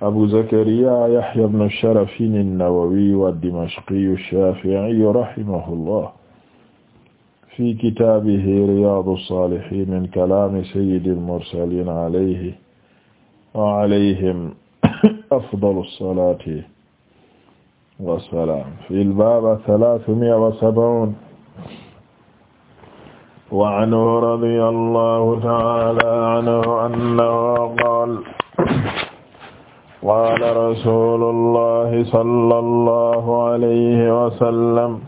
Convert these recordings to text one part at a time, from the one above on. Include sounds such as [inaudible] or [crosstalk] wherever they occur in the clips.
abu zakariya yahya ibn sharafin an-nawawi ad-dimashqi ash-shafi'i rahimahullah fi kitaabihi riyaadu saalihiin min kalaami sayyidil mursaliin alayhi wa alayhim afdalu salaati wa salaam fil baab salaasumi'a wa sab'uun wa anhu radiyallahu ta'aalaa anhu annahu qaala qaala rasuulullahi sallallahu alayhi wa sallam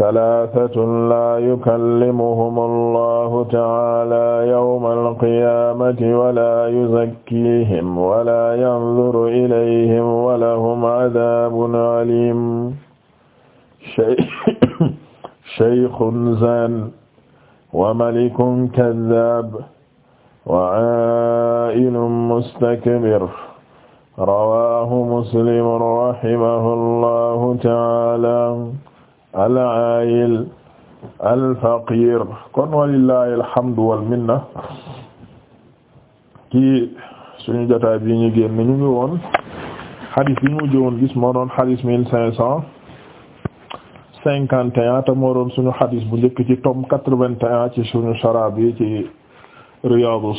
talaatatun laa yukallimuhumu allahu ta'aalaa yawmal qiyaamati walaa yuzakkiihim walaa yanzuru ilayhim wa lahum azaabun aliim shaykhun zaan wa malikun kazzaab wa aa'ilun mustakbir rawaahu muslim rahimahullahu taala al-aayil al-faqiir kon walillaahi alhamdu wal minna ci suñu jotaay bi ñu génn ñu ngi woon xadis ñu mujj woon gis moo doon xadis mille cinq cent cinquante suñu xadis bu njëkk ci tome quatre-vingt-un ci suñu sharab yi ci Riyaadu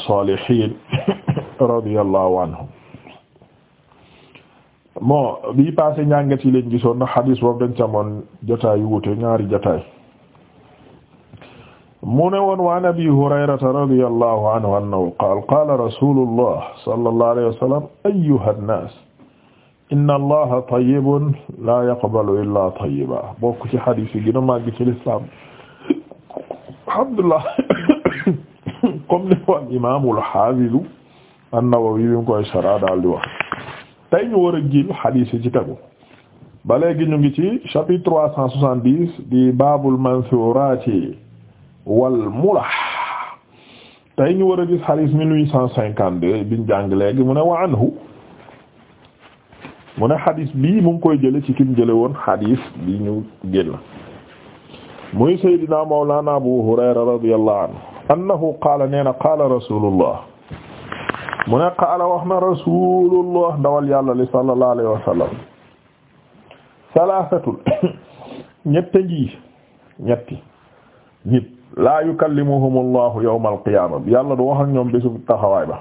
anhu bon bii passé njàngat leen gisoon ndax xadiis boobu dañ camoon jotaay yu wute ñaari mu ne woon waan abi hurayrata radiyallahu anhu annahu qaala qaala rasulullah sallallahu alayhi wa sallam ayyuha nnaas inna allaha tayyibun la yaqbalu illa tayyiba bokk ci xadiis yi gën a màgg ci lislaam alhamdulillah [coughs] comme ni ko al imaamul xaafidu an-Nawawi bi mu koy sara daal di wax tey war a jil xadiis yi ci tegu ñu ngi ci chapitre trois cent soixante-dix di baabul mansuuraati wal mulah tey ñu war a gis xadiis mille huit cent cinquante-deux biñ jàng léegi mu ne wa anhu mu ne xadiis bii mu ngi koy jële ci kim jële woon xadiis bi ñu génn muy sayyidina mawlana abu hurayra radiyallahu anhu annahu qaala nee rasulullah mu ne qaala wax na rasulullah ndawal yàlla li sallallahu alayhi wa sallam salaasatun ñetta ngi ñetti nit laa yukallimuhumullahu yawmal qiyaama yàlla du wax ak ñoom bésu taxawaay ba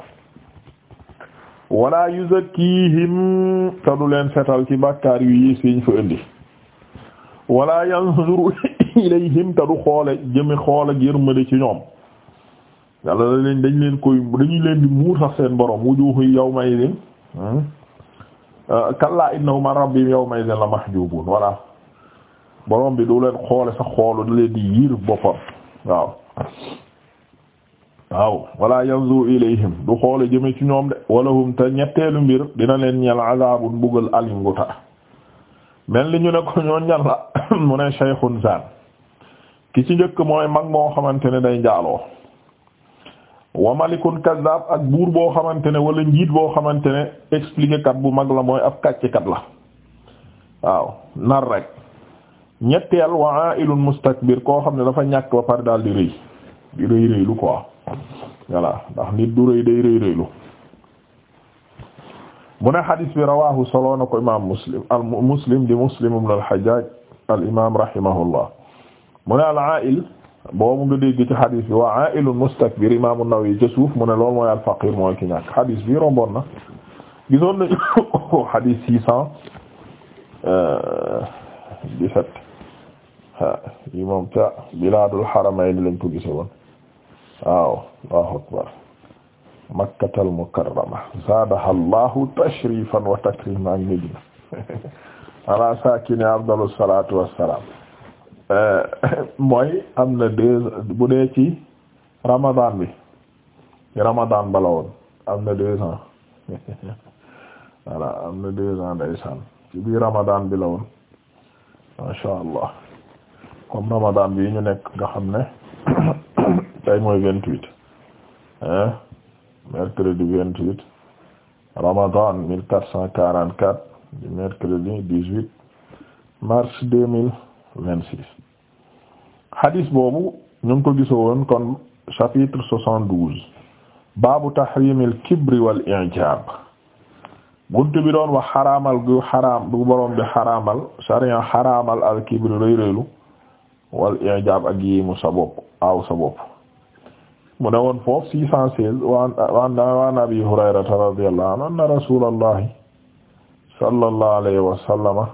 wala yuzakkiihim te du leen setal ci bàkkaar yu yiis yiñ fa indi wala yanzuru ilayhim te du xoole jëmi xoole yërmande ci ñoom yàlla dañ leen koy dañuy leen di muur sax seen borom wujuhu yawma idin hmm? uh, kallaa innahum an rabbihim may idin la mahjubun voilà borom bi du leen xoole sax xoolu da leen di yiir boppam waaw waaw wala yanzuru ilayhim du xoole jëme ci ñoom de walahum te ñetteelu mbir dina leen ñel azabun mbugal alinguta mel ni ñu ne ko ñoo ñal la [coughs] mu ne shaykhun zan ki ci njëkk mooy mag moo xamante ne day njaaloo wa malikun kazzab ak buur boo xamante ne wala njiit boo xamante ne expliqué kat bu mag la mooy ab kàccikat la waaw nar rek ñetteel wa ailun mustakbir koo xam ne dafa ñàkk ba pare daal di rëy di rëy rëylu quoi ndax nit du rëy day rëylu mu ne xadis bi rawahu soloo na ko imam muslim di muslim ibn al al imam rahimahullah mu ne al ail boobu nga dégg ci xadis bi waa ailun mustakbir imaamu Nawawi ca suuf mu ne loolu mooy alfaqir mooy ki ñàkk xadis bi romboon gisoon nañu ko [laughs] xadis six cent euh, dix-sept yi moom ca bilaadul xaramayni lañ gisoon waaw Allahu akbar makkatal mukarrama zaadaha Allahu tashrifan wa takriman midina [laughs] ala saakini afdalu salaatu wassalaam Euh, [coughs] moy am na deux bu ramadan bi ci ramadan bala woon am na deux ans [laughs] voilà am na deux ans ramadan bi la woon allah comme ramadan bi ñu nekk nga xam ne [coughs] tey mooy vingt-huit hein mercredi vingt-huit ramadan mille quatre cent quarante-quatre du mercredi mars deux mille vingt-six hadis boobu ñu ngi ko gisoon kon chapitre soixante-douze baabu tahrimil kibri wal i'jab buntu bi doon wax xaraamal gu xaraam bu borom bi xaraamal sariya xaraamal al kibri rëy rëylu wal i'jab ak yéemu sa bopp aaw sa bopp mu ne woon foofu six cent seize waan waan abi hurayrata radiyallahu anhu anna rasulallahi sallallahu alayhi wa sallama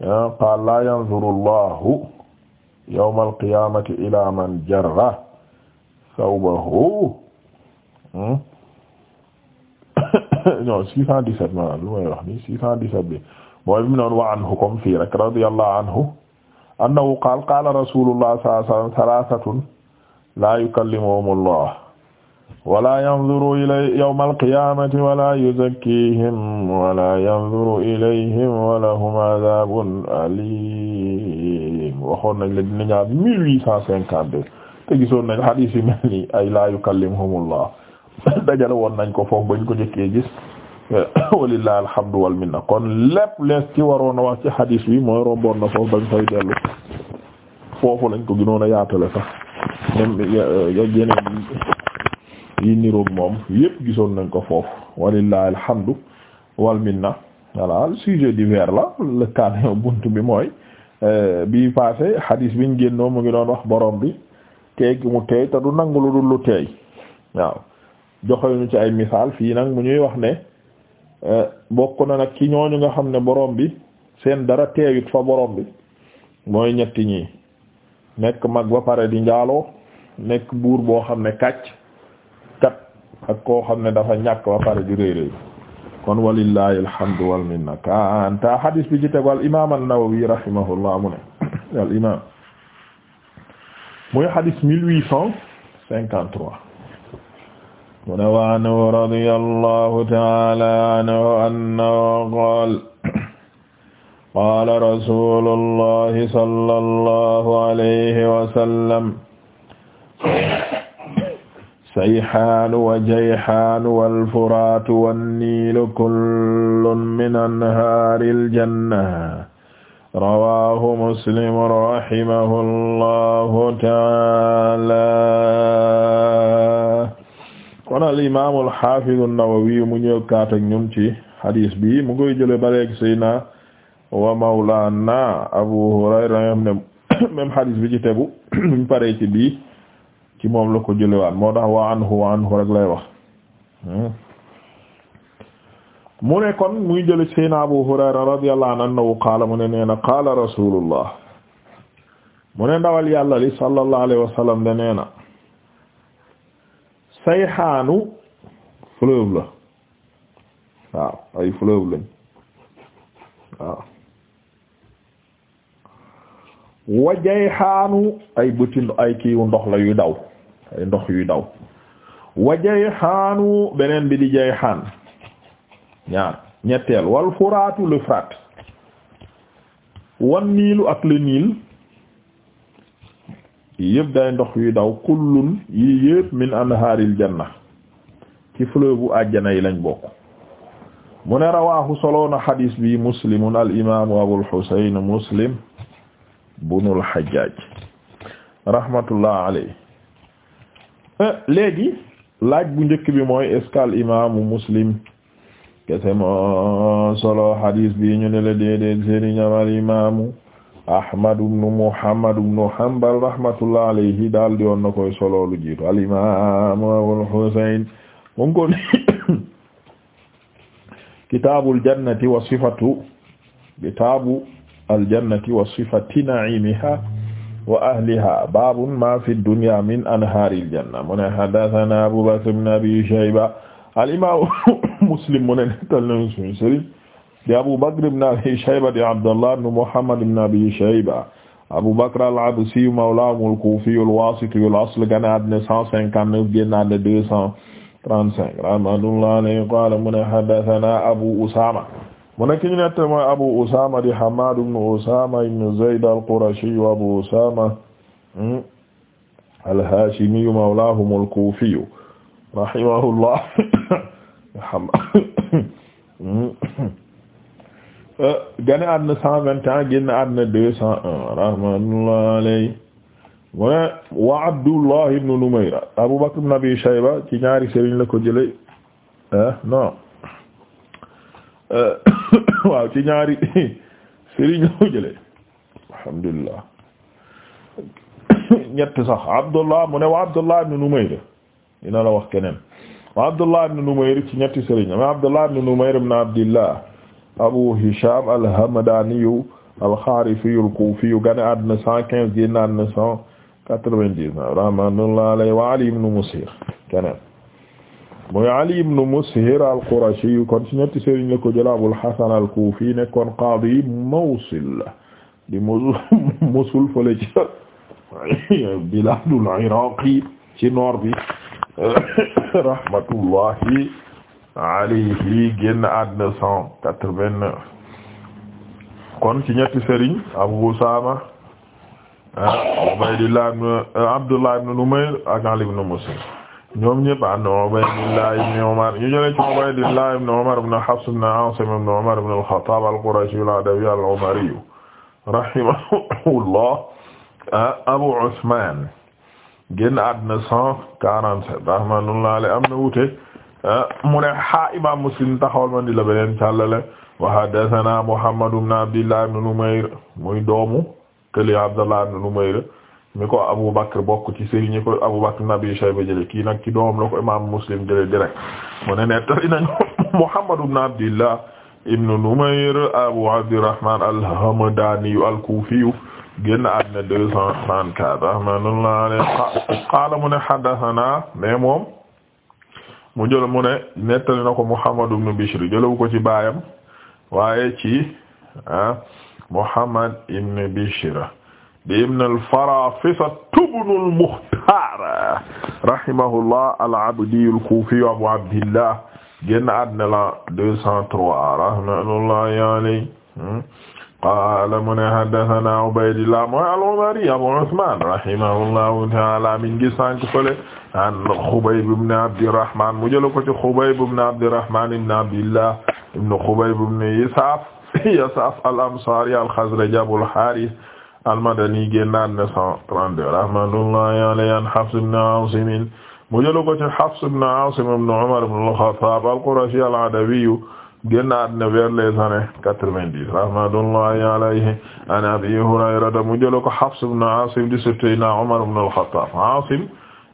qaal laa yanzuru allahu yawma alqiyamati ila man jarra sawbahu non 617 ma lu may wax ni 617 bi mooy bi mu noon wa anhu comme fii rek radiyallahu anhu annahu qaal qaala rasulullah sallallahu alayhi wasallam thalathatun la yukallimuhum allah wala yanzuru ilay yawma alqiyamati wala yuzakkihim wala yanzuru ilayhim walahum adabun alim waxoon nañ la dina ñaar mille huit cent cinquante-deux te gisoon nañ hadis yu ay la yukallimhumullah dajale woon nañ ko foofu bañ ko jëkkee gis walillahi alhamdu wal minna kon lépp lees ci waroon a wax ci hadis bi mooy romboon na foofu bañ fay dellu foofu lañ ko gënoon a yaatale sax même yeneen yi niroog moom yépp gisoon nañ ko foofu walillahi alhamdu wal minna voilà sujet divers la le cadre [laughs] buntu bi mooy euh, bi passé hadis biñ génnoo mu ngi doon wax borom bi teeg mu teey te du nangu lu dul lu teey waaw joxe ñu ci ay misaal fii nag mu ñuy wax ne euh, bokk na nag ci ñooñu nga xam ne borom bi seen dara teeyut fa borom bi mooy ñetti ñi nekk mag ba pare di njaaloo nekk buur boo xam ne kàcc ak koo xam ne dafa ñàkk ba pare kon walillahi alhamdu wal minna kanta hadis bi ci al imam an-Nawawi rahimahullah mu ne al imam muy hadis mille huit cent cinquante wa anhu radiyallahu ta'ala anhu annahu qaala qaala rasulullahi sallallahu alayhi wa sayxaanu wa jayxaanu walfuraatu wanniilu kullun min anhaaril janna rawaahu muslim rahimahullahu taala kon al imaamu alxaafidu nawawi mu ñëw kaat ak ñun ci xadiis bi mu koy jële baleeg sayna wa mawlaana abu hurayra même xadiis bi ci tegu [coughs] buñ paree ci bi ci moom la ko jëlewaat moo tax wa anhu wa anhu rek lay wax mu ne kon muy jële ci sayna Abu Hurayra radiyallahu anhu annahu qaala mu ne nee na qaala rasulullah mu ne ndawal yàlla li sallallahu alayhi wa sallam de nee na sayxaanu fleuve la waaw ay fleuve lañ waaw wajayxaanu ay bëti ay kiiwu ndox la yu daw ay ndox yuy daw wa jayxaanu beneen bi di jayxaan ñaar ñetteel wal furaatu le frat wan niilu ak le niil yëpp day ndox yuy daw kullun yii yëpp min anhaaril janna ci fleuve bu yi lañ bokk mu ne rawaahu soloona xadiis bi muslimun al imaamu abul xuseyn muslim bunul xajjaaj rahmatullah alayhi Euh, léegi laaj bu njëkk bi mooy est-ce que al imaamu muslim kese moo solo hadis bi ñu ne la déedéet sëriñam al imaamu ahmad ibnu muhammad ibnu hanbal rahmatullah alayhi daal di koy solo lu jiitu al imaamu abul husayn mu [coughs] al jannati wa sifati na'iimiha wa ahliha babun ma fi dunya min anharil janna mu ne hadathana Abu Bakr ibn Abi Shayba al-imam Muslim mu ne nettal nañu suñu sëriñ di Abu Bakr ibn Abi Shayba di Abdullah ibn Muhammad ibn Abi Shayba Abu Bakr al-Absi mawlahum al-Kufi al-Wasiti al-asl gane àddina 159 génn àddina 235 rahmatullahi alayhi qala mu ne hadathana Abu Usama mu nekk ñu nett mooy abu di hamad ibn usama ibn zayd al-qurashi wa abu usama hmm, al-hashimi mawlahum al-kufi rahimahullah hmm. gane àddina cent vingt et un génn àddina deux wa abdullah ibn numayr abu bakr ibn abi shayba ci ñaari sëriñ la ko jële eh, non Euh, [coughs] waaw ci ñaari [coughs] sëriñ la ko jëlee alhamdulillah [coughs] ñett sax Abdullah mu ne wa Abdullah ibn Numayr dina la wax keneen wa Abdullah ibn Numayr ci ñetti sëriñ ma Abdullah ibn Numayr ibn Abdillah Abu Hisham al-Hamdaniyu al-Kharifiyu al-Kufiyu gane àddina cent quinze génn àddina cent quatre-vingt-dix-neuf rahmatullahi alayhi wa Ali ibn Musir keneen muy Ali ibn Mushir al-Qurashi kon ci ñetti sëriñ la ko jël Abul Hasan al-Kufi nekkoon qaadi Mawsil di Mosul [laughs] fële ci [laughs] bilaadul Iraqi ci nord bi [coughs] rahmatullahi alayhi génn àddina cent quatre-vingt-neuf kon ci ñetti sëriñ Abu Usama ah, Ubaydillah ibn Abdullah ibn Numayr ak Ali ibn Mushir ñoom ñëpp an Ubaydillah ibn Umar ñu jëlee ci Ubaydillah ibn Umar ibn Hafs ibn Asim ibn Umar ibn ah, Abu Usman génn àddina cent quarante-sept rahmatullah am na wuute ah, mu ne ha imam Muslim taxawal ma di la beneen càllale wa haddathana Muhammad ibn Abdillah ibn Numayr muy doomu këli Abdullah ibn Numayr mi ko Abu Bakr bokk ci sëriñ ñi ko Abu Bakr ibn Abi Shayba jële kii nag doom la ko imam Muslim jële direct mu ne nettali nañu [laughs] Muhammad ibn Abdillah ibn Numayr Abu Abdirrahman al-Hamdani al-Kufi génn àddina deux mu ne haddathana mais moom mu jël mu ne nettali na ko Muhammad ibn Bishr jëlewu ko ci baayam waaye ci ah, Muhammad ibn Bishr di ibn al-Farafisa ibn al-Mukhtar rahimahullah al-Abdi al-Kufi Abu Abdillah génn àddina la 203 rahmatullahi alayhi hmm? qaala mu ne haddathana Ubaydillah mooy al-Umari Abu Usman rahimahullahu ta'ala min ngi sànq fële an Khubayb ibn Abdirrahman mu jël ko ci Khubayb ibn Abdirrahman ibn Abdillah ibn Khubayb ibn Yasaf [laughs] Yasaf al-Ansari al-Khazraji Abul Harith almadani génnaat ne cent trente-deux rahmatullahi alayhi an Hafs ibn Aasim mu jëlu ko ci Hafs ibn Aasim ibn Umar ibn al-Khattab al-Qurashi al-Adawi génnaat ne vers les années quatre-vingt-dix rahmatullahi alayhi an Abi Hurayrata mu jëlu ko Hafs ibn Aasim di Sayyidina Umar ibn al-Khattab Aasim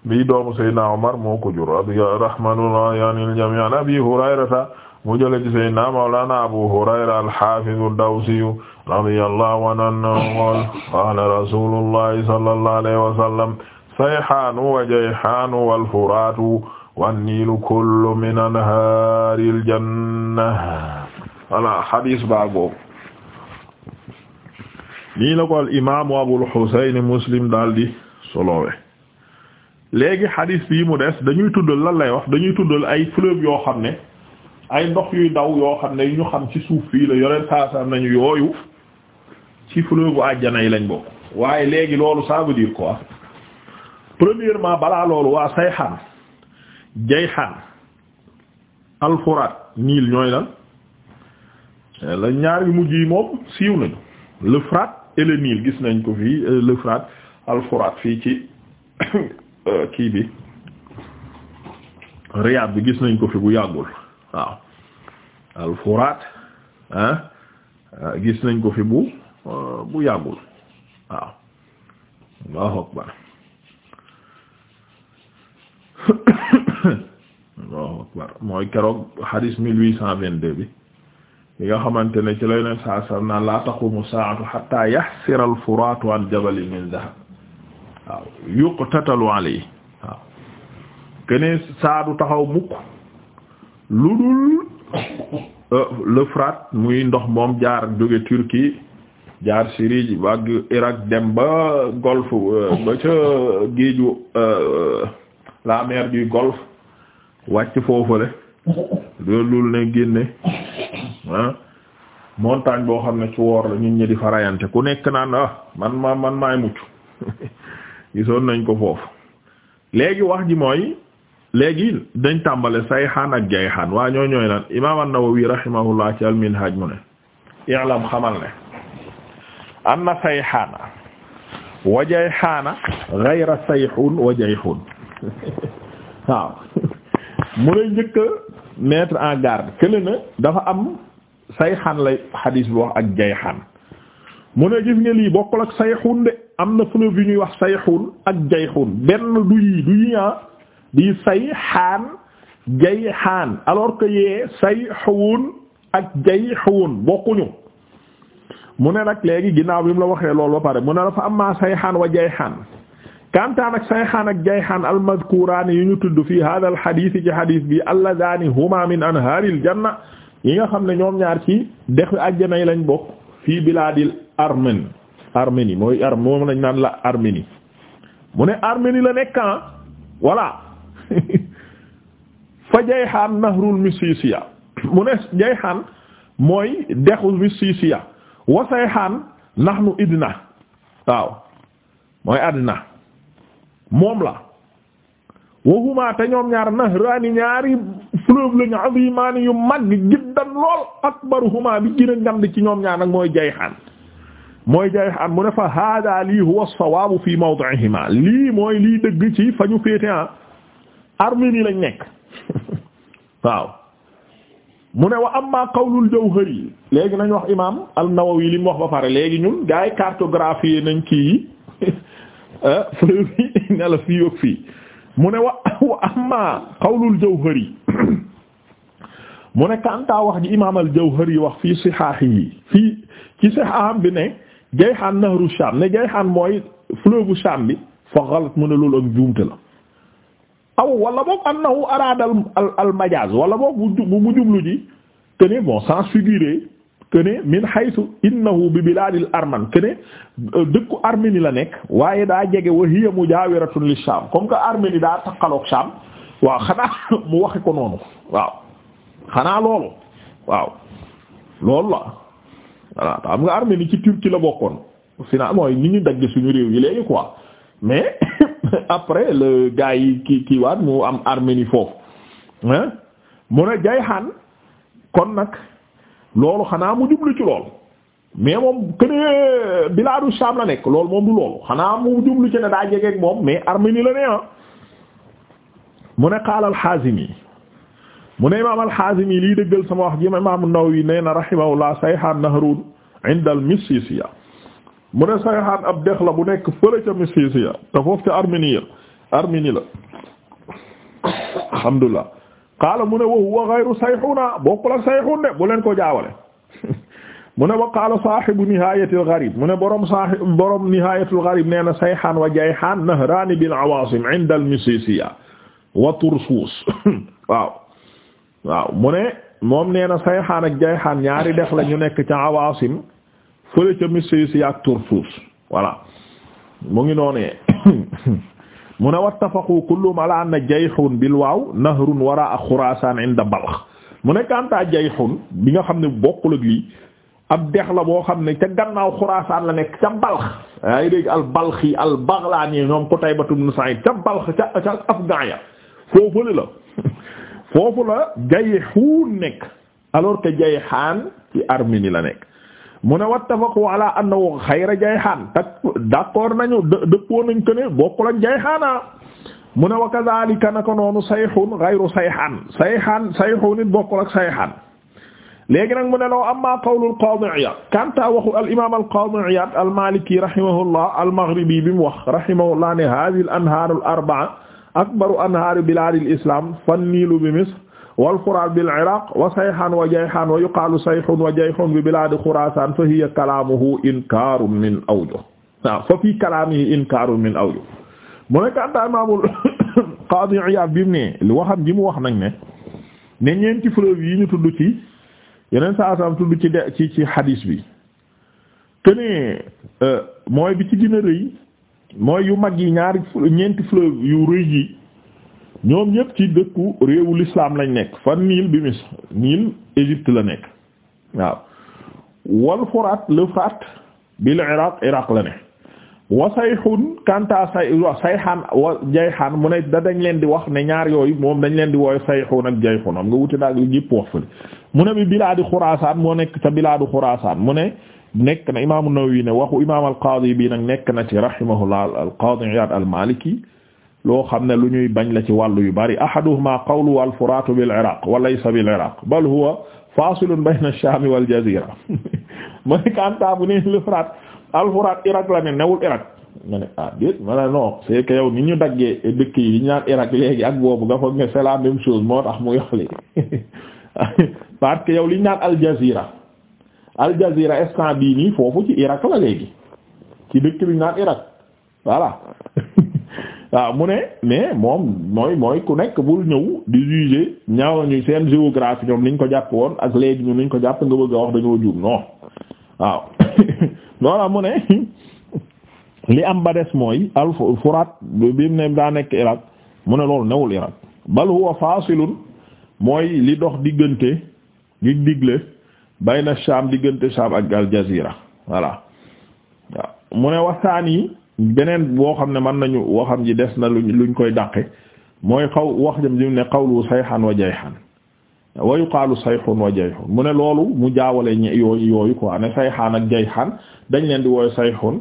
bi doomu Sayyidina Umar moo ko jur rahmatullahi anil jamii an Abi Hurayrata mu jëlu ci Sayyidina Mawlana Abu Hurayra al-Hafiz ad-Dawsi radiyallahu anhu qaala rasuulullahi sallallahu wa sallam sayhaanu wa jayhaanu wal furaatu wan niilu kullu min anhaaril janna voilà hadis baago nii la ko al imaamu Muslim daal di soloowe léegi hadis bii mu des dañuy tuddal lan lay wax dañuy tuddal ay fleuve yoo xam ne ay ndox yuy daw yoo xam ne yu xam ci suuf fii la yore saa saa nañu yooyu. ci fleuve àjjana yi lañ bokk waaye léegi loolu ça veut dire quoi premièrement balaa loolu waa sayxaan jayxaan alfuraat niil ñooy lan eh, la ñaar yu mujj yi moom siiw nañu l'Euphrate et le Nil gis nañ ko fii eh, l'Euphrate alfuraat fii ci [coughs] eh, kii bi Riyad bi gis nañ ko fi bu yàggul waaw alfuraat ah gis nañ ko fi bu bu yàggul waaw Allahu akbar Allahu akbar mooy keroog hadis mille huit cent vingt-deux bi li nga xamante ne ci la yoneen saa sam naan la taqumu saatu hatta yahsira al-furaatu an jabalin min dhahab waaw yuqtatalu alayhi waaw kene saadu taxaw mukk lu dul euh, l'Euphrate muy ndox moom jaar jóge Turquie jaar Syrie ak Irak dem ba golfe euh, ba ca géeju euh, la mer du golfe wàcc foofale loolul ne génne ah boo xam ne ci woor la ñun ñi di farayante ku nekk naan ah, man ma man maay mucc [laughs] gisoon nañ ko foofu léegi wax ji mooy léegi dañ tàmbale xaan ak jayxaan waa ñoo ñooy naan imaam an-Nawawi rahimahullah ci al-Minhaj mu ne i'lam xamal ne anna sayxaana wa jayxaana gayra sayxun wa jayxun [laughs] waaw mu lay njëkk a mettre en garde kële dafa am sayxaan lay xadiis bi wax ak jayxaan mu ne gis nga lii ak sayxun de am na fleuve yu ñuy wax sayxun ak jayxun benn du yi du yi ah di sayxaan jayxaan alors que yee sayxun ak jayxun bokkuñu mu ne nag léegi ginnaaw bi mu la waxee lool ba pare mu ne la fa amma sayxaan wa jayxaan kantaan ak sayxaan ak jayxaan almadkuraani yu ñu tudd fii hada al xadiis ci xadiis bi alladaani huma min anhaaril janna yi nga xam ne ñoom ñaar ci dex àjjana yi lañ bokk fii bilaadil armen arménie mooy naan la arménie mu ne arménie la nekkan ah, voilà [laughs] fa jayxaan nahrul misisiya mu ne jayxaan mooy dexu misisiya wa sayxaan nahnu idna waaw mooy adna moom la wahuma te ñoom ñaar nahraani ñaari fleuve lañu azimaani yu mag jiddan lool akbaruhuma bi gën a ci ñoom ñaar nag mooy jayxaan mooy jayxaan mu ne fa hada lii huwa as-sawaab fi mawdi'ihima lii mooy lii dëgg ci fa ñu féete ah. Arménie lañ nekk [laughs] waaw mu ne wa amma qawlul jawhari léegi nañ wax imaam al nawawi li mu wax ba pare léegi ñun gaay yi cartographie nañ kii yi [laughs] ah, fleuve yi [laughs] la fii yoog fii mu ne wa [laughs] wa amma qawlul jawhari [coughs] mu ne kanta wax ji imaam al-Jawhari wax fii sihaahi fii ci sihaaam bi ne Jayhaan nahru Shaam ne Jayhaan mooy fleuve bu Shaam bi fa galat mu ne loolu ak juumte la aw wala boog annahu araada al majaaz wala boog bu mu jublu ji que ne bon sans figurer que ne min haythu innahu bi bilaadil arman que euh, dëkku Arménie la nekk waaye daa jege wa hiya mujaawiratun li Shaam comme que Arménie daa taqaloog Shaam waa xanaa [laughs] mu waxe ko noonu waaw xanaa loolu waaw loolu la voilà xam nga Arménie ci Turquie la bokkoon sinon mooy ni ñu suñu réew yi léegi quoi mais. [laughs] [laughs] après le gars yi ki kii waat mu am Arménie foofu hein mu ne Jayhan kon nag loolu xanaa mu jublu ci loolu mais moom kënee euh, bilaadu Sham la nekk loolu moom du loolu xanaa mu jublu ci ne daa jegeek moom mais Arménie la ne ah mu ne qaala al-Haazimi lii dëggal sama wax na rahimahullah sayhan nahrun inda al-Missisiya mu ne Sayhaan ab dex la bu nekk fële ca Misisiya te foofu ca Arménie Arménie la alhamdulilah qaala mu ne wa huwa ghayru Sayhuuna bokkul ak Sayhuun de bu leen ko jaawale [laughs] mu ne wa qaala saahibu Nihaayatil Gharib mu ne borom saahib borom Nihaayatil Gharib nee na Sayhaan wa Jayhaan nahraani bil awaasim inda al Misisiya wa Tursuus [laughs] waaw waaw mu ne moom nee na Sayhaan ak Jayhaan ñaari dex la ñu nekk ca awaasim fële ca missi si ak Tursus voilà mu ngi noonee [coughs] mu ne wattafaqu kulluhum ala anna jayhun bil waaw nahrun wara Xuraasaan inda Balx mu ne kanta jayhun bi nga xam ne bokkul ak lii ab dex la boo xam ne ca gannaaw Xuraasaan la nekk ca Balx ay dégg al Balxi al Baglaani ñoom Qutaybatu ibn Sa'iid ca Balx ca ca afghan ya foofu la [laughs] foofu nekk alors que jayhaan ci Arménie la nekk mu ne wattafaqu ala annahu xayra jayhaan tak d'accord nañu dëppoo nañ ko ne bokkul ak jayhaana mu ne wa kadhalika naka noonu sayxun xayru sayxaan sayxaan sayxun it bokkul ak sayxaan léegi nag mu ne law amma qawlu al-qaadi Iyaad kanta waxu al-imaam al-qaadi Iyaad al-Maaliki rahimahullah al-Maghribi bi mu wax rahimahullah ne haadhihi al-anhaar al-arba'a akbaru anhaar bilaad al-islaam fan-niilu bi Misr wal furaat bil iraq wa sayhan wa jayhan wa yuqaalu sayhun wa jayhun bi bilaadi xuraasaan fa hiya kalaamuhu inkaarun min awjuh waaw fa fii kalaamihi inkaarun min awjuh mu nekk anta imaamul [coughs] qaadi Iyaad bi mu ne li waxam ji mu wax nag ne ne ñeenti preuve yi ñu tudd ci yeneen saa saam tudd ci de ci ci hadis bi te ne euh, mooy bi ci gën rëy mooy yu mag yi ñaari ñeenti yu rëy yi ñoom ñëpp ci dëkku réew l'islam lañ nekk fan niil bi Misr niil Égypte la nekk waaw wal Furaat l'Euphrate bil Iraq Iraq la ne wa sayxun kanta say sayxaan wa jayxaan mu ne da dañ leen di wax ne ñaar yooyu moom dañ leen di wooy sayxun ak jayxun am nga wuti naag li ñëpp wax fële mu ne bi bilaadi Xuraasaan moo nekk ca bilaadu Xuraasaan mu ne nekk na imaamu Nawawi ne waxu imaam al-Qaadi bi nag nekk na ci rahimahullah al-Qaadi Iyaad al loo xam ne lu ñuy bañ la ci wàllu yu bari ahaduhuma qawlu al furaatu bil wa laysa bil iraq bal al [laughs] iraq la ne ah, ak boobu nga foog ne c'est la chose moo tax mu yoxli [laughs] parce que yow naan al jazira al jazira foofu ci iraq la léegi ci dëkk bi naan iraq voilà [laughs] waaw mu ne mais moom mooy mooy ku nekk bul ñëw di juger ñaaw nañu seen géographie ñoom niñ ko jàpp woon ak léegi ñu niñ ko jàpp nga bëgg a wax dañoo juum non waaw [laughs] loola [laughs] am ba des mooy al furaat bi ne daa nekk Irak mu ne loolu newul Irak bal huwa mooy li dox diggante gi digle bayna Sham diggante Sham ak al jazira voilà mu ne waxtaan beneen boo xam ne mën nañu waxam ji des na lu luñ koy dàqe mooy xaw wax jëm jëm ne qawlu sayxan wa jayxan wa yuqaalu sayxun wa jayxun mu ne loolu mu jaawale ñe yooyu ko quoi ne sayxaan ak jayxan dañ leen di wooy sayxun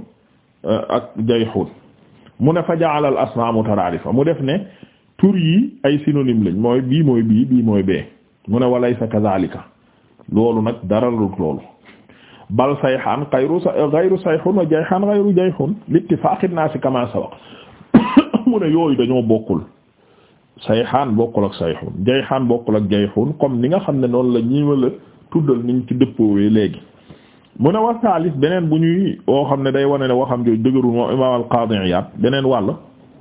euh, ak jayxun mu ne fa ja'ala al asmaa mutaraadifa mu def ne tur yi ay synonyme lañ mooy bii mooy bii bii mooy bee mu ne walaysa kadhalika loolu nag dara lu loolu bal sayxaan xayru xayru sayxun wa jayxaan xayru jayxun littifaaqi naasi kama sabaq [coughs] mu ne yooyu dañoo bokkul sayxaan bokkul ak sayxun jayxaan bokkul ak jayxun comme ni nga xam ne noonu la ñi wala tuddal niñ ci dëppoowee léegi mu ne wa saalis beneen bu ñuy woo xam ne day wane ne waxam jooju dëgërul moom imaam al-Qaadi beneen wàll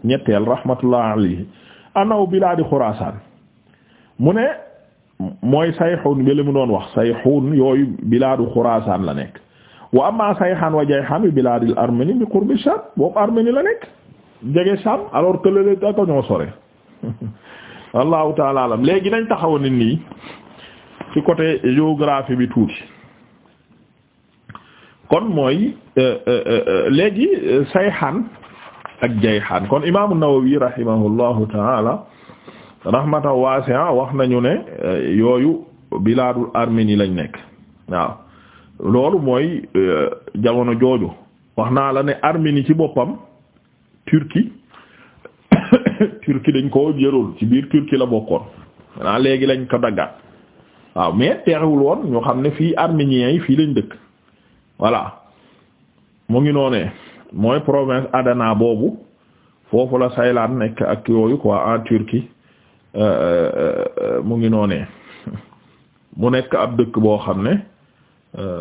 ñetteel rahmatullah alayhi anaw bilaadi Xuraasaan mu ne mooy sayxuun bele mu doon wax sayxuun yooy bilaadu xuraasaan la nekk wa amma sayxaan wa jayxaan bi bilaadil arménie bi qurbi Sham boobu arménie la nekk jege Sham alors que lele da ko sore wallahu [laughs] taala alam léegi nañ taxaw nit nii ci côté géographie bi tuuti kon mooy euh, euh, euh, léegi sayxaan ak jayxaan kon imaamu Nawawi rahimahullahu taala rahmatan wasi'a wax nañu ne euh, yooyu bilaadul arménie lañ nekk waaw loolu mooy euh, jamono jooju wax naa la ne arménie ci boppam turquie [coughs] turquie dañ ko jëlul ci biir turquie la bokkoon naa léegi lañ ko daggaat waaw mais teexul woon ñu xam ne fii arméniens yi fii lañ dëkk voilà mu ngi noonee mooy province Adana boobu foofu la Saylan nekk ak yooyu quoi en Turquie Euh, euh, euh, mu ngi noonee mu nekk ab dëkk boo xam ne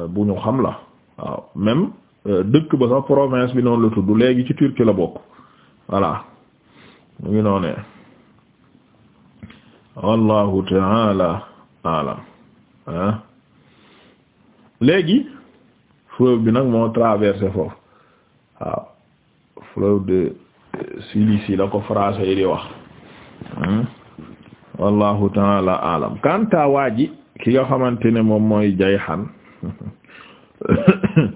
bu ñu xam la waaw même dëkk ba sax province bi noonu la tudd léegi ci Turquie la bokk voilà mu ngi noonee wallahu ta'ala a'lam léegi fleur bi nag moo traversé foofu waaw fleuve de Cilicie la ko français yi di wax wallahu taala alam kanta waaji ki nga xamante ne moom mooy Jayhan [coughs]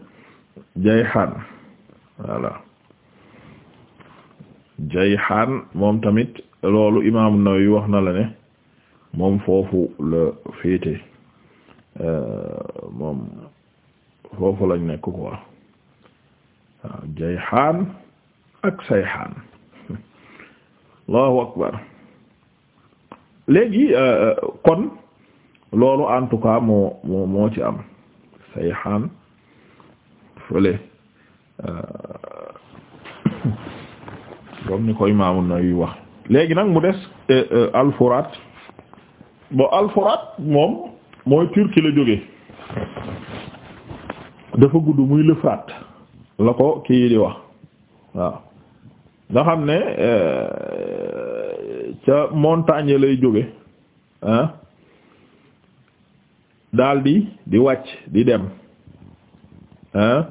Jayhan voilà Jayhan moom tamit loolu imaamu Nawawi wax na la ne moom foofu la féete euh, moom foofu lañ nekk quoi waaw ak Sayhan [laughs] Allahu akbar léegi euh, euh, kon loolu en tout cas moo moo ci am sayxaan fële euh, [laughs] comme ni koy Imaam Nawawi wax léegi nag mu des al-Furaat bon moom mooy Turki la jóge dafa gudd muy lëfaat la ko kii di wax waaw nga ne ca montagne lay jóge ah daldi di wàcc di dem ah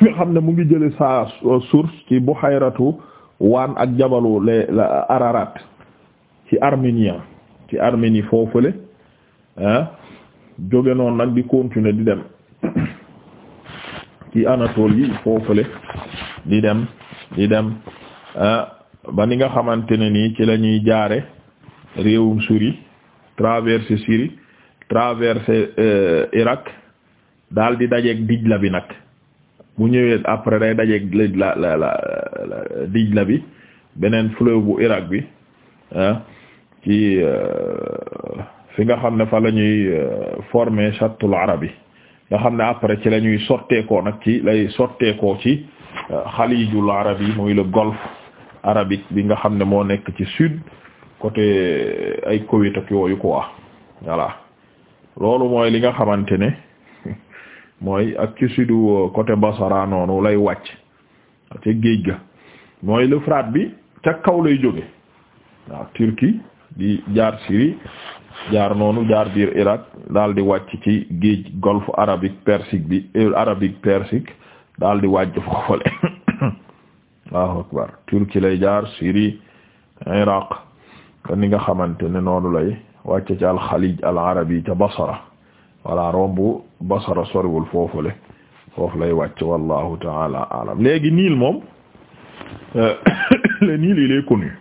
nga xam ne mu ngi jële sa source ci buhayratu waan ak jabalu les Ararat ci Arménien ci Arménie foofule ah jóge noon nag di continuer di dem ci Anatole yi foofule di dem di dem ah ba ni nga xamante ne nii ci lañuy jaare réewum Syrie traversé Syrie traversé euh, Irak daal di dajeeg Dijla bi nag bu ñëwee après day dajeeg la la la Dijla bi beneen fleuve bu Irak bi ah, ci euh, fi nga xam ne fa la ñuy euh, former chattul arabi nga xam ne après ci la ñuy sotteekoo nag ci lay sotteekoo ci xalijul arabi muy le golfe arabique bi nga xam ne moo nekk ci sud côté euh, ay Koweït ak yooyu quoi voilà loolu mooy li nga xamante ne [laughs] mooy ak ci sud euh, côté Basra noonu lay wàcc ca géej ga mooy l'Euphrate bi ca kaw lay jóge Turquie di jaar Syrie jaar noonu jaar biir Irak daal di wàcc ci géej golfe arabique persique bi euh, arabique persique daal di wàcc foofu [laughs] Allahu akbar Turki lay jaar Syrie Iraq kon ni nga xamante ne noonu lay wàcce ci alxalij al arabi ca Basra wala romb Basra soriwul foofu lay wàcc wallahu taala alam léegi Niil moom [coughs] le Niil il est connu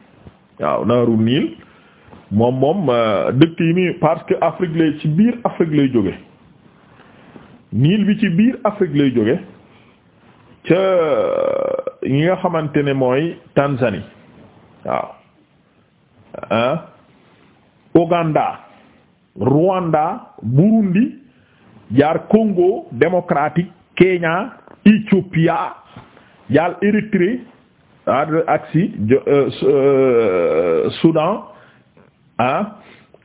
waaw naaru Niil moom moom euh, dëkk yi mi parce que Afrique lay ci biir Afrique lay jóge Niil bi ci biir Afrique lay jóge ca ñi nga xamante ne mooy Tanzanie waaw ah Ouganda Rwanda Burundi jaar Congo démocratique Kenya Éthiopia jaar Érythrée ah, ak si euh, euh, Soudan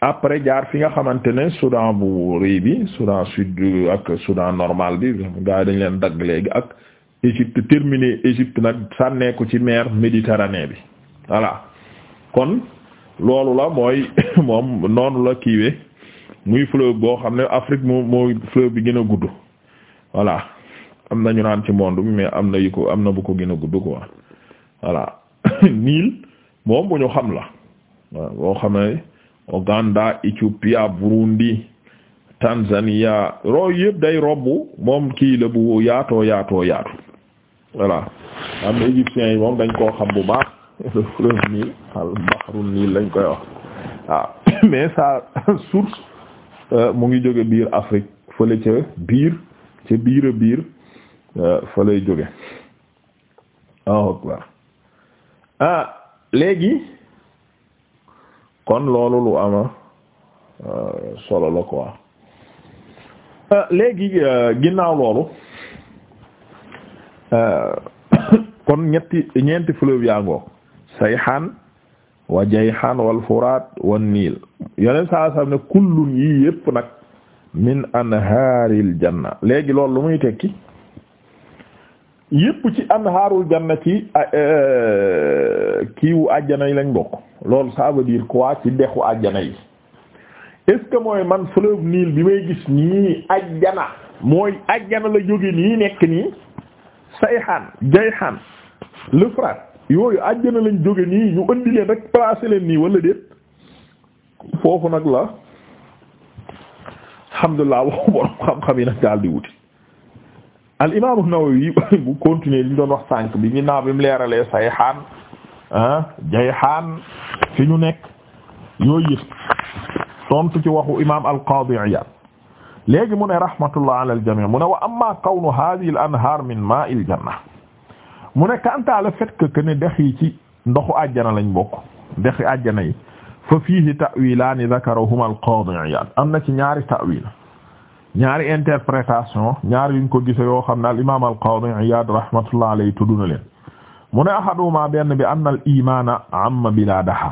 après jaar fi nga xamante ne Soudan bu rëy bi Soudan sud ak Soudan normal bi gaa dañ leen dagg léegi ak Égypte terminé Égypte nag sànnee ko ci maire Méditerranée bi voilà kon loolu la mooy [laughs] moom noonu la kiiwee muy fleuve boo xam ne Afrique moom mooy fleuve bi gën a gudd voilà am na ñu naan ci monde bi mais am na yu ko am na bu ko gën a gudd quoi voilà [coughs] Nil moom bu ñu xam la waaw boo xam ne Ouganda Burundi Tanzania roo yëpp day robbu moom kii la bu yaatoo yaatoo yaatu voilà am na yi moom dañ koo xam bu baax le fleuve lañ koy wax [coughs] mais sa source euh, mu ngi jóge biir Afrique fële ca biir ci biir a biir euh, fa lay jóge ah, léegi kon loolu lu ama euh, solo la quoi léegi ginnaaw loolu Euh, [coughs] kon ñetti ñeenti fleuve yaa ngoog sayxaan wa jayxaan wal furaat wan niil yeneen saa saam ne kullun yii yëpp nag min anhaaril janna léegi lool lu muy tekki yépp ci anhaarul janna ki euh, kiiwu àjjana yi lañ bokk loolu ça veut dire ci dexu àjjana yi est mooy man fleuve niil bi may gis nii àjjana mooy àjjana la jóge nii nekk nii sayxaan jayxaan l'Euphrate yooyu àjjana lañ jóge nii ñu andi leen rek placé leen nii wala déet foofu nag la alhamdulilah waxu borom xam-xam yi nag daal di wuti al imaamu Nawawi bu continuer li ñu doon wax sànk bi ginnaaw bi mu leeralee sayxaan ah jayxaan fi ñu nekk yooyu yëpp tontu ci waxu imaam al-Qaadi Iyaad léegi mu ne rahmatullah ala aljami mu ne wa amma kawnu hadhihi al min ma'i al janna mu ne kanta le fait ci ndoxu àjjana lañ bokk dexi àjjana yi fa fiihi ta'wilaani dhakarahuma al qadi iyad am na ci ñaari ta'wil ñaari interprétation ñaari yuñ ko gise yoo xam ne al imam al qadi iyad rahmatullah alayhi tudd na leen mu ne benn bi anna al imana amma biladaha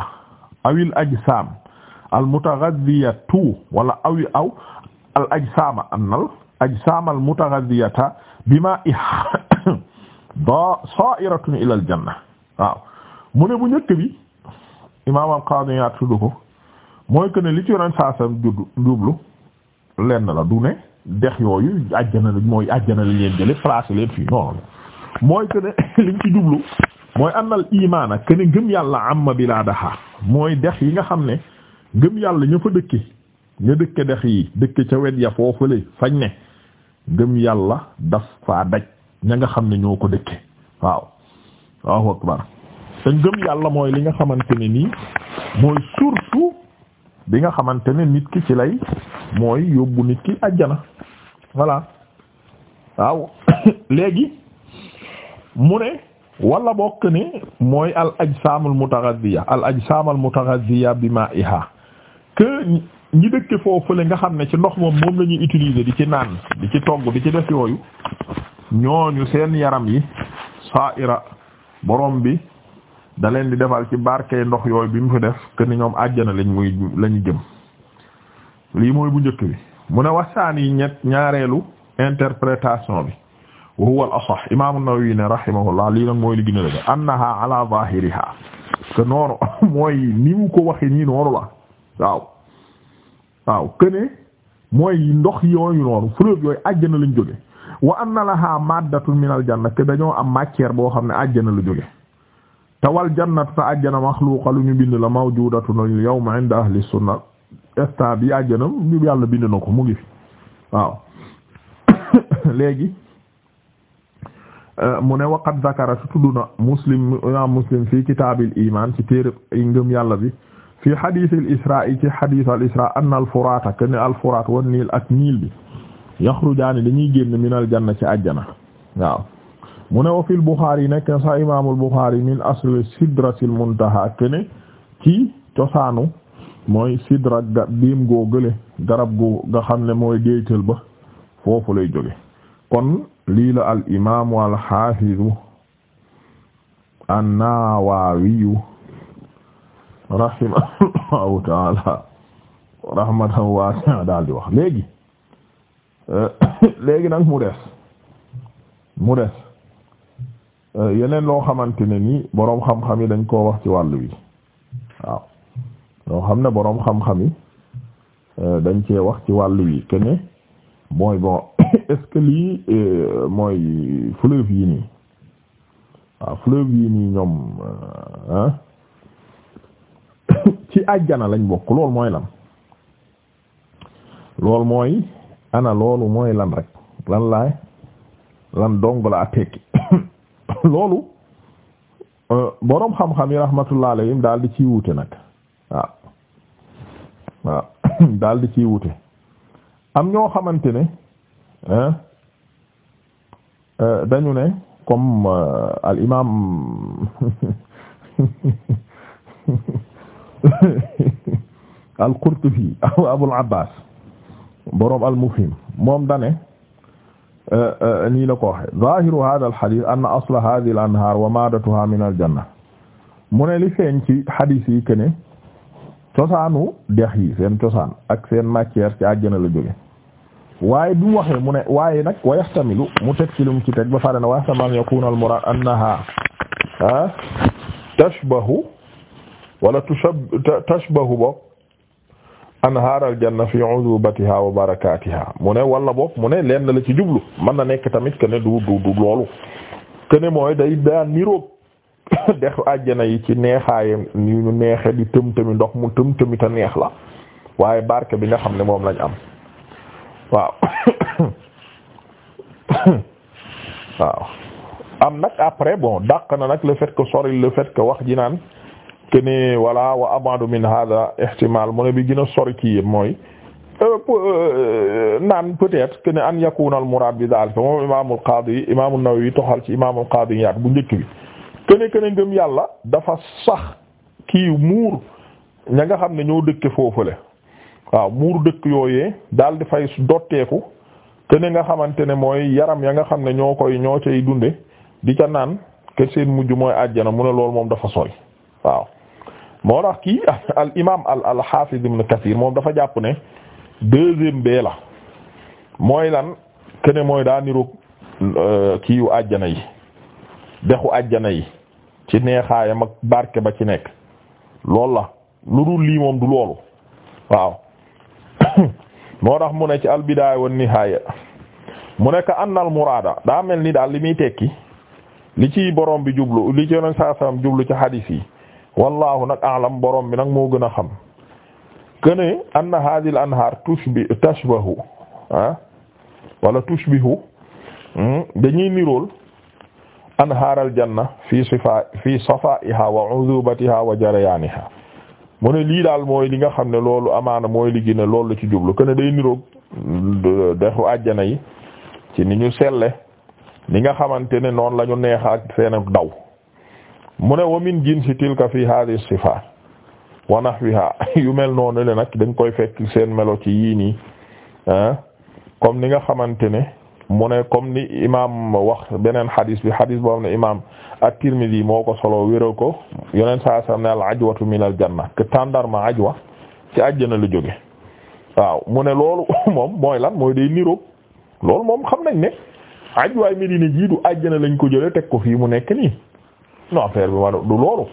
awil ajsam al mutaghadhiyatu wala awi aw al ajsaama annal ajsaama al mutaghadhiyata bima sa'iratun ila al waaw mu ne bu njëkk bi imaam al qaadi yaa tudd mooy que ne li ci yoneen saasam juddu lenn la du ne dex yooyu àjjana la mooy àjjana la leen jële placé leen fii non mooy que ne [laughs] liñ ci jublu mooy annal imaana que ne ngëm yàlla amma bilaadaha mooy dex yi nga xam ne ngëm yàlla ña fa dëkke nga dëkk dex yi dëkk ca wet ya foofule fañ ne gëm yàlla daf faa daj ña nga xam ne ñoo ko dëkke waaw waaw akbar te ngëm yàlla mooy li nga xamante ni nii mooy surtout bi nga xamante ne nit ki ci lay mooy yóbbu nit ki àjjana voilà waaw [coughs] léegi mu ne walla bokk ne mooy al ajsaamul mutaghadhiya al ajsaamul mutaghadhiya bi ma'iha que ñi dëkke foofu fële nga xam ne ci ndox moom moom la ñuy utiliser di ci naan di ci togg di ci def yooyu ñooñu seen yaram yi saa ira borom bi da leen di defal ci barkey ndox yooyu bi mu fi def que ni ñoom àjjana lañ muy lañu jëm lii mooy bu njëkk bi mu ne waxtaan yi ñett ñaareelu interpretation bi wa huwa al-asah imaamu ne rahimahullah lii nag mooy li gën a dëgg annaha ala zahiriha que noonu [laughs] mooy ni ko waxee nii noonu la waaw waaw këne mooy ndox yooyu noonu fleuve yooyu àjjana lañ jóge wa anna laha maddatun min aljanna te dañoo am matière boo xam ne àjjana la jóge te wal jannatu te àjjana maxluuqa lu ñu bind la mawjudatun lil yawma inda ahli sunna instant bi àjjana ñu yàlla bind na ko mu ngi fi waaw [coughs] léegi euh, mu ne waqad zakara tudd na muslim imam muslim fii kitaabil iman ci téere ngëm yàlla bi fi hadith al isra ci hadith al isra anna al furaata wan niil ak niil bi yaxrujaani dañuy génn min al ci àjjana waaw mu ne wa fil Buxaari nekk sa imaamul Buxaari min asli sidratil muntaha kene ci cosaanu mooy sidra ga biim goo gële garab gu nga xam ne mooy déytal ba foofu lay jóge kon lii al imaamu al xaafidu rahimahullahu taala rahmatan waasi'a daal di wax léegi euh, [coughs] léegi nag mu des mu des euh, yeneen loo xamante ne nii boroom xam-xam yi dañ koo wax ci wàll wi waaw loo xam ne boroom xam-xam yi euh, dañ cee wax ci wàll wi que ne mooy bon [coughs] est mooy fleuve yi nii waaw fleuve yi nii ñoom [laughs] ci àjjana lañ bokk loolu mooy lan loolu mooy ana loolu mooy lan rek lan laay lan dong la tekki [coughs] loolu euh, boroom xam-xam yi rahmatullah alayhim daal di ciy wute nag waaw waaw [coughs] daal am ñoo xamante ne euh, dañu ne comme euh, al imam [laughs] [laughs] al-Qurtubi [laughs] Abul Abbas boroom al-Mufhim moom dane eh, eh, nii la ko waxe zahiru hadha al-hadith anna wa madatuha mu ne li feeñ ci hadith kene cosaanu dex yi seen cosaan ak seen matière ci àjjana la jóge waaye du mu mu ne waaye nag wa yahtamilu mu teg ci mu ci teg ba pare na wa yahtamilu an yakuna al-murad annaha ah, tashbahu wala tashbahu boog anhaaral janna fi uzubatiha wa barakatiha mu ne wala boog mu ne lenn la ci jublu mën na nekk tamit que ne du du du loolu que mooy day daan niroog [coughs] dexu àjjana yi ci neexaayam yu ñu neexe di tëm tëmi ndox mu tëm tëmi ta neex la waaye barke bi nga xam ne moom lañ am waaw [coughs] am nag après bon dàq na nag le fait que sori le wax ji naan ke ni wala wa abadu min hada ihtimal mu ne bi gën a sori ci yëpp mooy euh, euh, euh, naan peut-être que ne an yakuna al murad bi daal moom imam al qadi imam an toxal ci imam al yaat bu njëkk bi kene kene yàlla dafa sax kii muur nga xam ne ñoo dëkke foofule waaw dëkk yooyee daal di fay dotteeku kene nga xamante ne mooy yaram ya nga xam ne ñoo koy ñoo cay dunde di ca naan ke seen mujj mooy àjjana mu ne loolu moom dafa sori waaw moo tax kii [laughs] al imaam al al hafiz ibn Kathir moom dafa jàpp ne deuxième bee la mooy lan kene mooy daa niroog euh, kii yu àjjana yi dexu àjjana yi ci neexaayam ak barke ba ci nekk loolu la lu dul lii moom du loolu waaw [coughs] moo tax mu ne ci al bidaaya wan nihaaya mu nekk anna al muraada daa mel ni daal li muy tekki li ci borom bi jublu li ci yoneen saa jublu ci hadis yi wallahu nag a'lam borom bi nag moo gën a xam kene anna hadhihi al-anhar tushbi tashbahu ah tushbihu hmm? dañuy nirool anhar al-janna fi sifa fi safaiha wa uzubatiha wa jarayaniha mu ne lii daal mooy li nga xam ne loolu amaana mooy li loolu la ci jublu kene day niroog dexu àjjana yi ci ni ñu selle ni nga xamante ne noonu la ñu neexa ak daw mu ne wa min jinsi tilka fi hadhihi sifaat wa nahwiha [laughs] yu mel noonu le nag dañ koy fekk seen melo ci yii nii ah, comme ni nga xamante ne mu ne comme ni imaam wax beneen xadis bi xadis boobu xam ne imaam at-Tirmidhi moo ko solo wéral ko yoneen saa sallam ne al ajwatu min al janna que tàndarma ajwa ci àjjana la jóge waaw mu ne loolu [laughs] moom mooy lan mooy day niroog loolu moom xam nañ ne ajwaay Medina jii du lañ ko jële teg ko fii mu nekk nii non affaire bi ma du loolu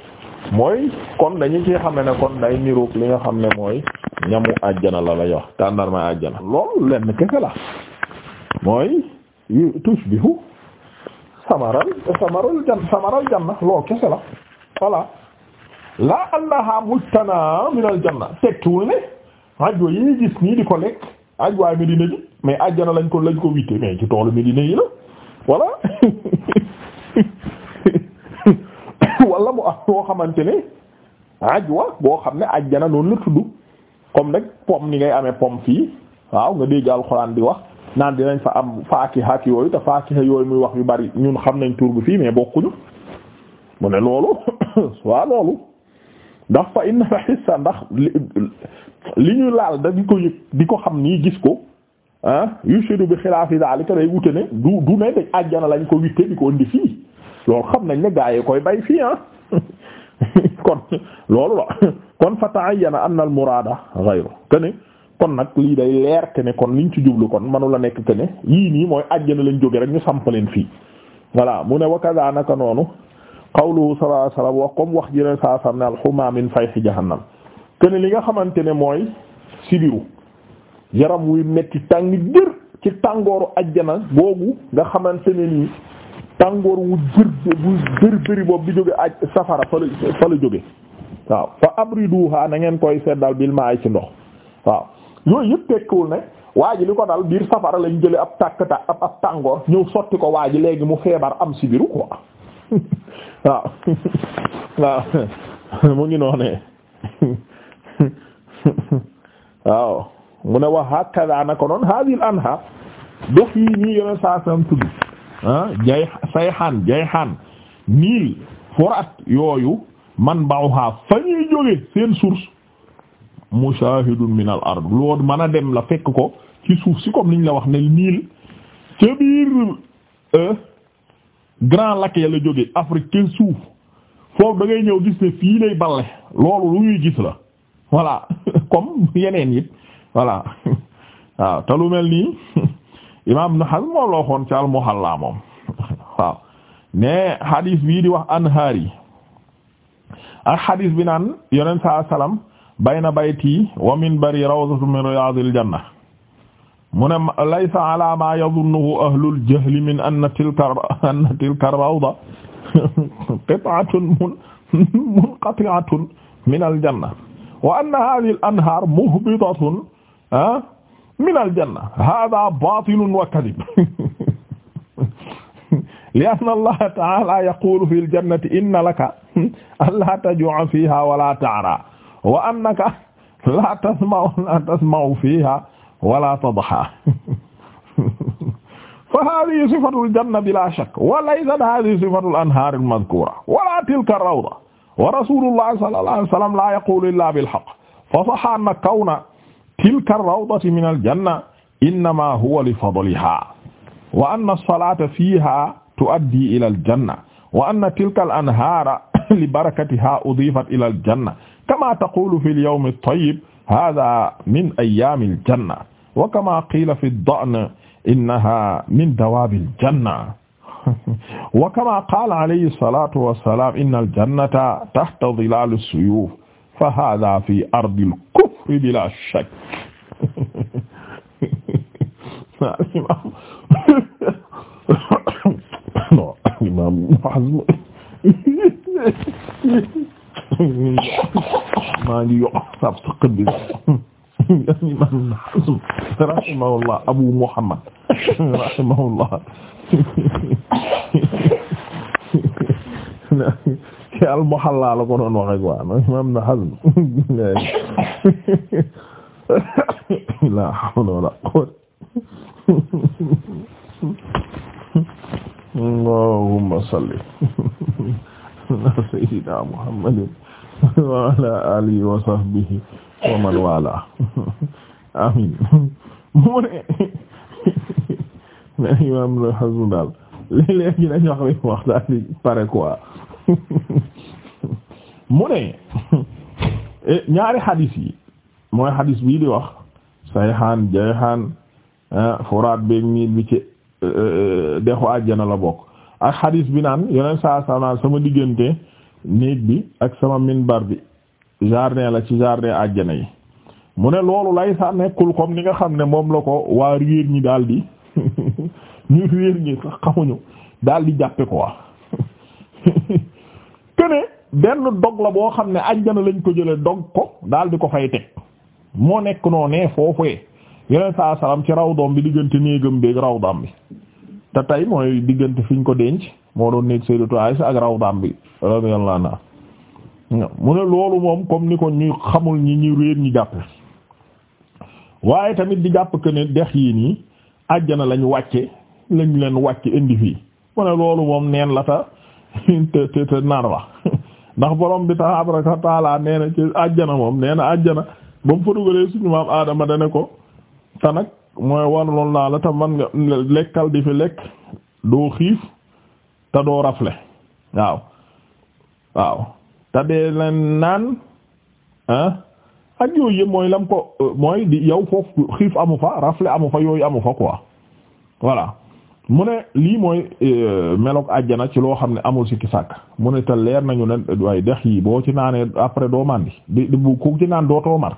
mooy kon dañu ci xam ne ne kon day niroog li nga xam ne mooy ñamu àjjana la lay wax tàndarma àjjana loolu lenn kese la mooy tushbihu samaral samaral jan samaral janna loolu kese la voilà la annaha janna tekkiwul ne ajwa yi gis nii di mais àjjana lañ ko lañ ko witte mais ci toolu Medina yi la voilà [laughs] wala mu am boo xamante ne ajwa boo xam ne ajjana noonu la tudd comme nag pomme ni ngay amee pomme fii waaw nga dégg alxuraan di wax naan dinañ fa am faakiha ak yooyu te faakiha yooyu muy wax yu bari ñun xam nañ tur bi fii mais bokkuñu mu ne loolu [coughs] waa loolu ndax fa inna la xissa ndax li ñu laal da di ko yëg di ko xam nii gis ko ah yushadu bi xilaafi daalika day wute ne du du ne dañ àjjana lañ ko witte di ko indi fii loolu xam nañ ne gaa yi koy bay fii ah [laughs] kon loolu la kon fa ta'ayyana anna al muraada ghayru kene kon nag lii day leer ke kon liñ ci jublu kon manu la nekk ke ne yii nii mooy lañ jóge rek ñu sampaleen fii voilà mu ne noonu qawluhu sallallahu alayhi wasallam wax comme wax jëne li nga xamante ne mooy sibiru yaram wuy metti tàng jër ci tàngooru àjjana boobu nga xamante ne nii tàngoor wu jër bu boobu bi jóge aj safara fa la fa la jóge waaw fa abriduha na ngeen koy seddal bil ma ay ci ndox waaw yooyu yëpp tekkiwul ne waa ji li ko dal biir safara lañ jële ab tàkk ta ab tàngoor ñëw sotti ko waa ji léegi mu feebar am si biiru quoi [laughs] waaw [laughs] waaw [laughs] mu ngi noonee waaw mu ne wax hakaza na ko noon hadhihi al anha dox yi ñii yeneen saa sam tudd ah jay sayxaan jayxaan niil furaat yooyu man ba'uha fa ñuy jóge seen source mushahidun min al loolu mën a dem la fekk ko ci suuf si comme niñ la wax ne niil ca biir e, grand lac ya la jóge Afrique ca suuf foofu da ngay ñëw gis ne fii lay balle loolu lu ñuy gis la voilà [laughs] comme yeneen yit voilà [laughs] waaw te lu mel nii [laughs] imaam Ibn Hazm moo loo xoon ci al-Muhalla moom [laughs] waaw mais hadis bii di wax anhaari ak hadis bi naan yonent saa salaam bayna bayti wa minbari rawdatun min riyaadil janna mu ne laysa ala ma yadunnuhu ahlul jahli min anna tilka [laughs] anna tilka rawda [laughs] qit'atun munqati'atun min al janna wa anna haadhihi al anhaar muhbitatun ah min al janna hada batilun wa kadib li [laughs] anna allaha ta'ala yaqulu fil jannati inna laka alla taju'a fiha wa la ta'ra wa annaka la tasma'u la tasma'u fiha wa la tadha [laughs] fa hadhihi sifatu al janna bila shakk wa laysat hadhihi sifatu al anhar al madhkura wa la tilka ar-rawda wa rasulullah sallallahu alayhi wa sallam la yaqulu illa bil haqq fa sahha anna kawna tilka rawdati min aljanna innama huwa li fadliha wa anna as-salata fiha tuaddi ila aljanna wa anna tilka al-anhara [coughs] li barakatiha udifat ila aljanna kama taqulu fi al-yawm at-tayyib hadha min ayyam aljanna wa kama qila fi ad-da'n innaha min dawabi aljanna [laughs] wa kama qala alayhi as-salatu was-salam inna al-jannata tahta dhilal as-suyuf fa hada fi ardil kufri bila shakk non imam Hazm maa ngi yokk sab saq bi imam Hazm rahimahullah Abu Muhammad rahimahullah [laughs] al Muhalla la ko doon waxe quoi imam Ibn Hazm [laughs] la wala quwwata allahumma salli ala sayyidina Muhammadin wa ala wa sahbihi wa wala amin mu ne mais [laughs] imam Ibn Hazm daal léeg-léeg gi dañ wax rek [laughs] mu ne eh, ñaari xadis yi mooy xadis bii di wax sayxaan jayxaan eh, furaat beeg niil bi ci eh, dexu àjjana la bokk ak xadis bi naan yeneen saa sanaan sama diggante néeg bi ak sama minbar bi jardin la ci jardin àjjana yi mu ne loolu lay sa nekkul comme ni nga xam ne moom la ko waa réer ñi daal di [laughs] ñu réer ñi xamuñu daal di jàppe ko waa [laughs] këne benn dog la boo xam ne ajjana lañ ko jële dog ko daal di ko fay teg moo nekk noonee foofu yeneen saa salaam ci rawdoom bi diggante néegam bi ak bi te tey mooy diggante fiñ ko denc moo doon néeg Sayyidatu Aysa ak rawdaam bi mu ne loolu moom comme ni ko ñu xamul ñu réer ñu jàpp waaye tamit di jàpp que ne dex yi nii ajjana lañ wàcce lañ leen wàcc indi fii mu ne loolu moom neen la [laughs] te te te nar la [laughs] ndax borom bi tabaraka wa a nee na ci àjjana moom nee àjjana ba mu suñu maam Adama dane ko te nag mooy warloon naa la te man nga lekkal di fi lekk doo xiif te doo rafle waaw waaw te dee leen naan ah, ak yooyu yëpp mooy lam ko mooy di yow foofu xiif amu fa rafle amu fa yooyu amu fa quoi voilà mu ne lii mooy e, meloog àjjana ci loo xam ne amul sikki sàkk mu ne te leer nañu ne waaye dex yi boo ci naanee après doo màndi di bu ku ci naan dootoo mar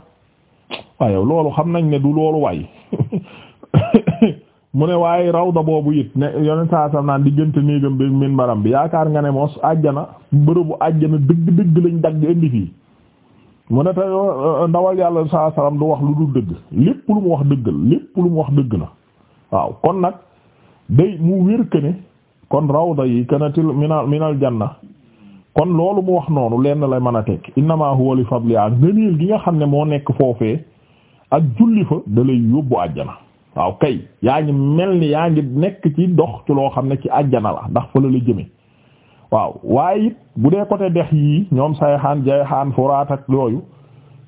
waaye loolu xam nañ ne du loolu waay [laughs] mu ne waaye rawda boobu it ne yoneen saa sam naan diggante néegam bi min bi yaakaar nga ne moos àjjana bërëbu àjjana dëgg dëgg lañ dagg indi fii mu ne te e, e, ndawal yàlla saa salaam du wax lu dul dëgg lépp lu mu wax dëgg la lépp lu mu wax dëgg la waaw kon nag day mu wér que ne kon rawda yi kanatil minal minal na kon loolu mu wax noonu lenn lay mën a tekk innama huwa li fadliha ngëneel gi nga xam ne moo nekk foofee ak julli fa da lay yóbbu àjjana waaw kay yaa ngi mel ni yaa ngi nekk ci dox ci loo xam ne ci àjjana la ndax fa la la jëme waaw waaye it bu dee côté dex yii ñoom sayxaan jayxaan furaat ak yooyu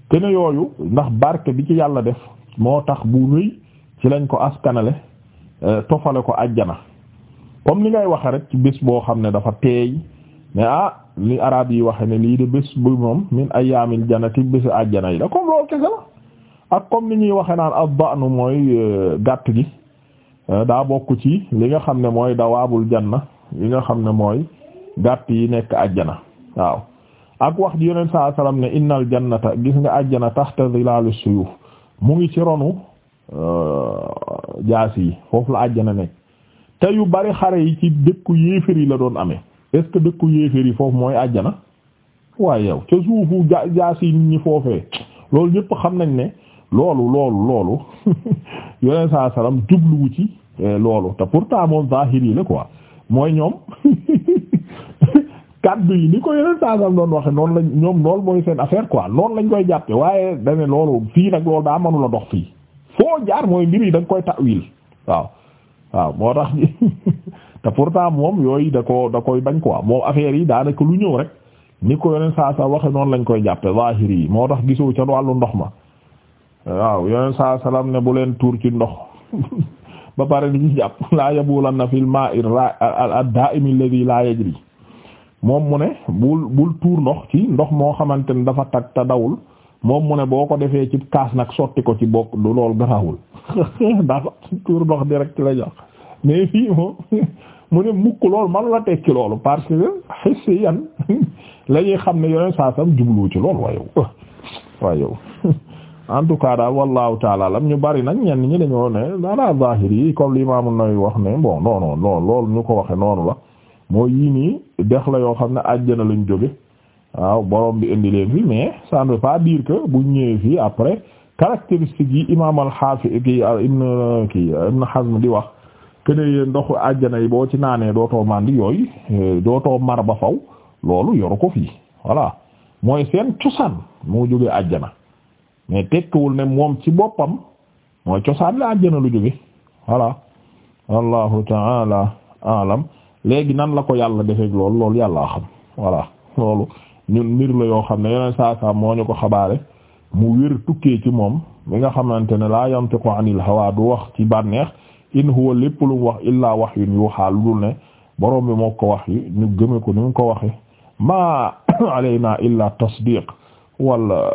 kene yooyu ndax barke bi ci yàlla def moo tax bu rëy ci lañ ko askanale Euh, tofale ko ajjana comme li ngay waxe rek ci bés boo xam ne dafa teey mais ah li araab yi waxe ne lii de bés bu moom min ayyaamil jannati bésu ajjana yi la comme loolu kese la ak comme ni ñuy waxe naan ad-da'nu mooy euh, gàtt gi euh, daa bokk ci li nga xam ne mooy dawaabul janna li nga xam ne mooy gàtt yi nekk ajjana waaw ak wax ji yonent saa sallam ne innal jannata gis nga tax tahta zilaalu suyuf mu ngi ci ronu Euh, jaas yi foofu la àjjana nekk te yu bari xare yi ci dëkku yéeféer yi la doon amee est dëkku yéeféer yi foofu mooy àjjana waaye yow ca suufu jaas yi nit ñi foofee loolu ñëpp xam nañ ne loolu loolu loolu yoneen saa salaam jubluwu ci eh, loolu te pourtant moom zahir yi la quoi mooy ñoom [laughs] kaddu yi ni ko yeneen saasam doon waxe noonu lañ ñoom loolu mooy seen affaire quoi noonu lañ koy jàppe waaye dane loolu fii nag loolu daa mënula dox fii foo jaar mooy mbir yi koy tawil waaw waaw moo tax [laughs] te pourtant moom yooy da ko da koy bañ quoi moom affaire yi daanaka lu ñëw rek ni ko yeneen saa saa waxe lañ koy jàppe zahiri yi moo tax gisoo ca wàllu ndox ma waaw yeneen saa salaam ne bu leen tuur ci ndox [laughs] ba pare ni ci jàpp [laughs] laa yabulanna fil ma'i ad-da'im alladhi la yajri moom mu ne bul bul tuur ndox ci ndox moo xamante ne dafa tag te dawul moom mu ne boo ko defee ci kaas nag sotti ko ci bokk lu loolu garawul ndax [laughs] tuur ndox direct la jox mais fii moom [laughs] mu ne mukk loolu manu la tekki loolu parce que xissi yan [laughs] la xam ne yoneen saa sam jublu ci loolu waaye yow en tout cas daal wallahu taala alam ñu bari nag ñenn ñi dañoo ne daala zahir yi comme l'imam An-Nawawi wax ne bon non non loolu ñu ko waxe noonu la mooy yii nii dex la yoo xam ne àjjana lañ jóge waaw borom bi indi leen fi mais ça ne veut pas dire que bu ñëwee fii après caractéristiques yi imaam al ki kii ibn kii ibn Hazm di wax que ne ndoxu àjjana yi boo ci naanee doo dootoo màndi yooyu euh, dootoo mar ba faw loolu yoru ko fii voilà mooy seen cosaan moo jógee àjjana mais tekkiwul ne moom ci boppam mooy cosaan la àjjana lu jóge voilà wallahu léegi nan la ko yàlla defeek loolu loolu yàllaa loolu ñun mbir la yoo xam ne yeneen saa moo ñu ko xabaare mu wér tukkee ci moom mi nga xamante ne laa yantiqu anil hawa du wax ci bànneex in huwa lépp lu wax illaa wahyun yuuhaa xaal dul ne borom bi moo ko wax yi ñu gëme ko ni mu ko waxe maa [coughs] alayna illaa tasdiq wala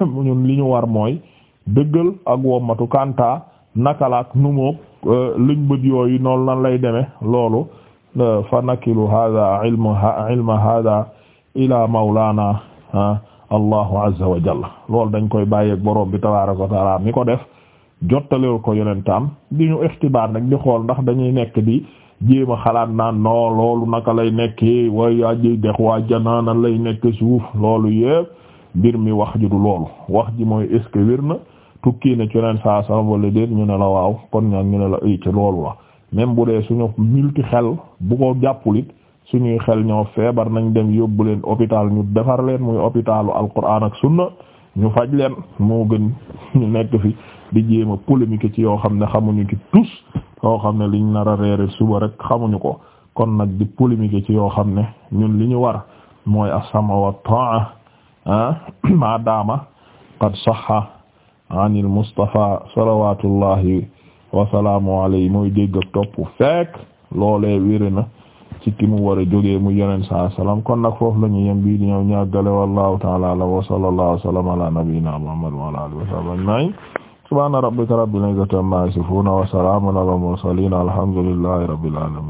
[coughs] ñun li ñu war mooy dëggal ak wommatu kanta nakalaak numook euh, luñ bët yooyu noonu lan lay deme loolu euh, fa nakilu hada ilma hada ila mawlana allahu azza wa jalla loolu dañ koy bàyyeeg boroom bi tabaaraka wa taala mi ko def jottaleel ko yonentam di ñu ixtibaar nag di xool ndax dañuy nekk di jéem xalaat naan non loolu naka lay nekkee waaye yaa jëy dex waa janaana lay nekk suuf loolu yëpp mbir mi wax ju du loolu wax ji mooy est na tukki na ci yonent saa sallam wala déet ñu ne la waaw kon ñaan ñu ne la ay eh, ci loolu la même bu dee suñu multi xel bu ko jàppul it suñuy xel ñoo feebar nañ dem yóbbu leen hôpital ñu defar leen muy hôpitalu alquran ak sunna ñu faj leen moo gën ñu nekk fi di jéem a polémique ci yoo xam ne xamuñu ci tus yoo xam ne liñ nar a reere suba rek xamuñu ko kon nag di polémique ci yoo xam ne ñun li ñu war mooy as-sama wa ta'a ah [clears throat] ma dama qad anil mustafa salawatullahi wa salaamu mooy dégg ak topp fekk loole wéri na ci ki mu war a jógee mu yeneen saa salaam kon nag foofu la ñu yem bii di ñëw ñàggale wallahu ta'ala ala wa sallallahu wa sallam ala nabiyyina muhammad wa ala alihi wa sahbihi ajma'in subhana rabbika rabbil izzati amma yasifun wa salamun ala al mursalin alhamdulillahi rabbil alamin